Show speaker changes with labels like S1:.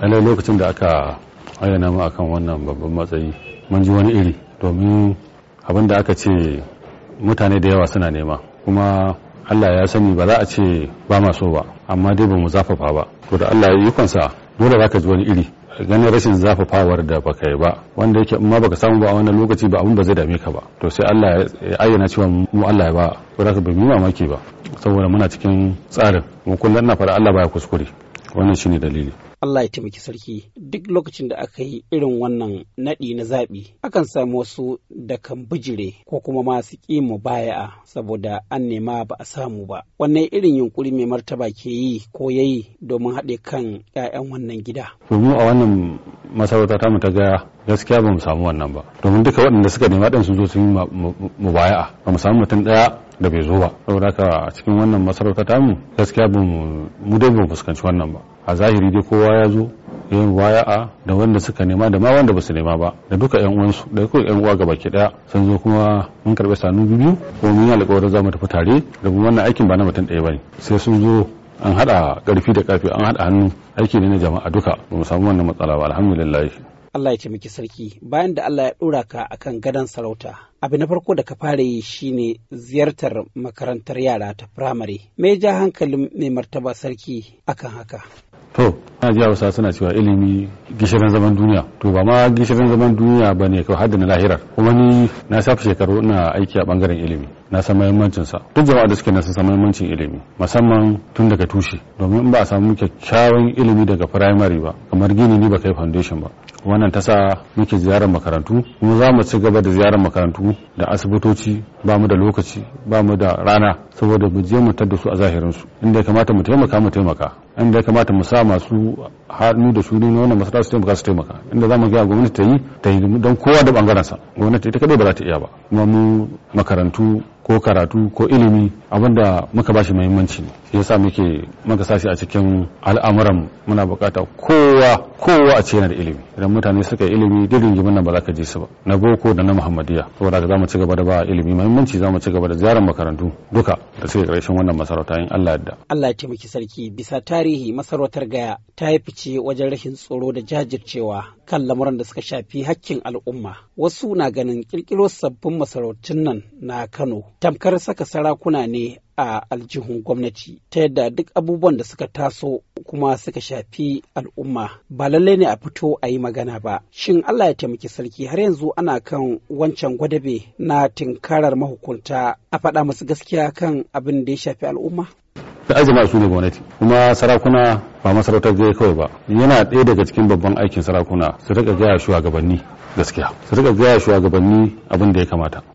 S1: ana lokacin da aka ayyana mu akan wannan babban matsayi mun ji wani iri domin abin da aka ce mutane da yawa suna nema kuma Allah ya sani ba za a ce ba ma so ba amma dai ba mu zafafa ba to da Allah ya ikonsa dole za ka ji wani iri ganin rashin zafafawar da baka yi ba wanda yake amma baka samu ba a wannan lokaci ba abin ba zai dame ka ba to sai Allah ya ayyana cewa mu Allah ya ba ko za ka bai mamaki ba saboda muna cikin tsarin mu kullum na fara Allah baya kuskure wannan shine dalili
S2: Allah ya taimaki sarki duk lokacin da aka yi irin wannan naɗi na zaɓi akan samu wasu da kan bijire ko kuma masu ƙi mu baya'a saboda an nema ba a samu ba wannan irin yunkuri mai martaba ke yi ko ya yi domin haɗe kan ƴaƴan wannan gida.
S1: Domin a wannan masarauta ta mu ta gaya gaskiya ba mu samu wannan ba domin duka waɗanda suka nema ɗin sun zo sun yi baya ba mu samu mutum ɗaya da bai zo ba saboda haka a cikin wannan masarauta tamu gaskiya ba mu dai ba mu fuskanci wannan ba a zahiri dai kowa ya zo yin a da wanda suka nema da ma wanda ba su nema ba da duka yan uwansu da duka yan uwa gabaki daya sun zo kuma mun karbi sanu biyu ko mun yi alƙawarin za tafi tare da mun wannan aikin ba na mutum ɗaya bane sai sun zo an hada karfi da karfi an hada hannu aiki ne na jama'a duka ba mu samu wannan matsala ba alhamdulillah
S2: Allah ya ce miki sarki bayan da Allah ya ɗora ka akan gadon sarauta. Abu na farko da ka fara yi shine ziyartar makarantar yara ta firamare. Me ja hankalin mai martaba sarki akan haka?
S1: to na ji hausa suna cewa ilimi gishirin zaman duniya to ba ma gishirin zaman duniya ba ne kawai haddana lahirar kuma ni na shafi shekaru ina aiki a bangaren ilimi na san mahimmancin sa duk jama'a da suke na san mahimmancin ilimi musamman tun daga tushe domin ba a samu kyakkyawan ilimi daga firamare ba kamar gini ni ba kai foundation ba wannan ta sa muke ziyarar makarantu kuma za mu ci gaba da ziyarar makarantu da asibitoci ba mu da lokaci ba mu da rana saboda mu je mu tadda su a zahirinsu inda ya kamata mu taimaka mu taimaka inda ya kamata mu sa masu hannu da su na wannan masu su taimaka su taimaka inda za mu ga gwamnati ta yi ta yi don kowa da bangarensa gwamnati ita kadai ba za ta iya ba kuma mu makarantu ko karatu ko ilimi abinda muka bashi muhimmanci ne shi yasa muke muka sashi a cikin al'amuran muna bukata kowa kowa a ce yana da ilimi idan mutane suka yi ilimi da gimin nan ba za ka ji su ba na boko da na muhammadiya saboda za mu ci gaba da ba ilimi muhimmanci za mu ci gaba da ziyarar makarantu duka da suke karshen wannan masarauta in Allah ya yarda
S2: Allah ya taimaki sarki bisa tari tarihi masarautar gaya ta yi fice wajen rashin tsoro da jajircewa kan lamuran da suka shafi hakkin al'umma wasu na ganin kirkiro sabbin masarautun nan na kano tamkar saka sarakuna ne a aljihun gwamnati ta yadda duk abubuwan da suka taso kuma suka shafi al'umma ba lallai ne a fito a yi magana ba shin allah ya taimaki sarki har yanzu ana kan wancan gwadabe na tinkarar mahukunta a faɗa masu gaskiya kan abin da ya shafi al'umma
S1: da azuma su ne gwamnati kuma sarakuna ba masarautar gaya kawai ba yana ɗaya daga cikin babban aikin sarakuna su rika gaya shugabanni gaskiya su rika gaya shugabanni abin da ya kamata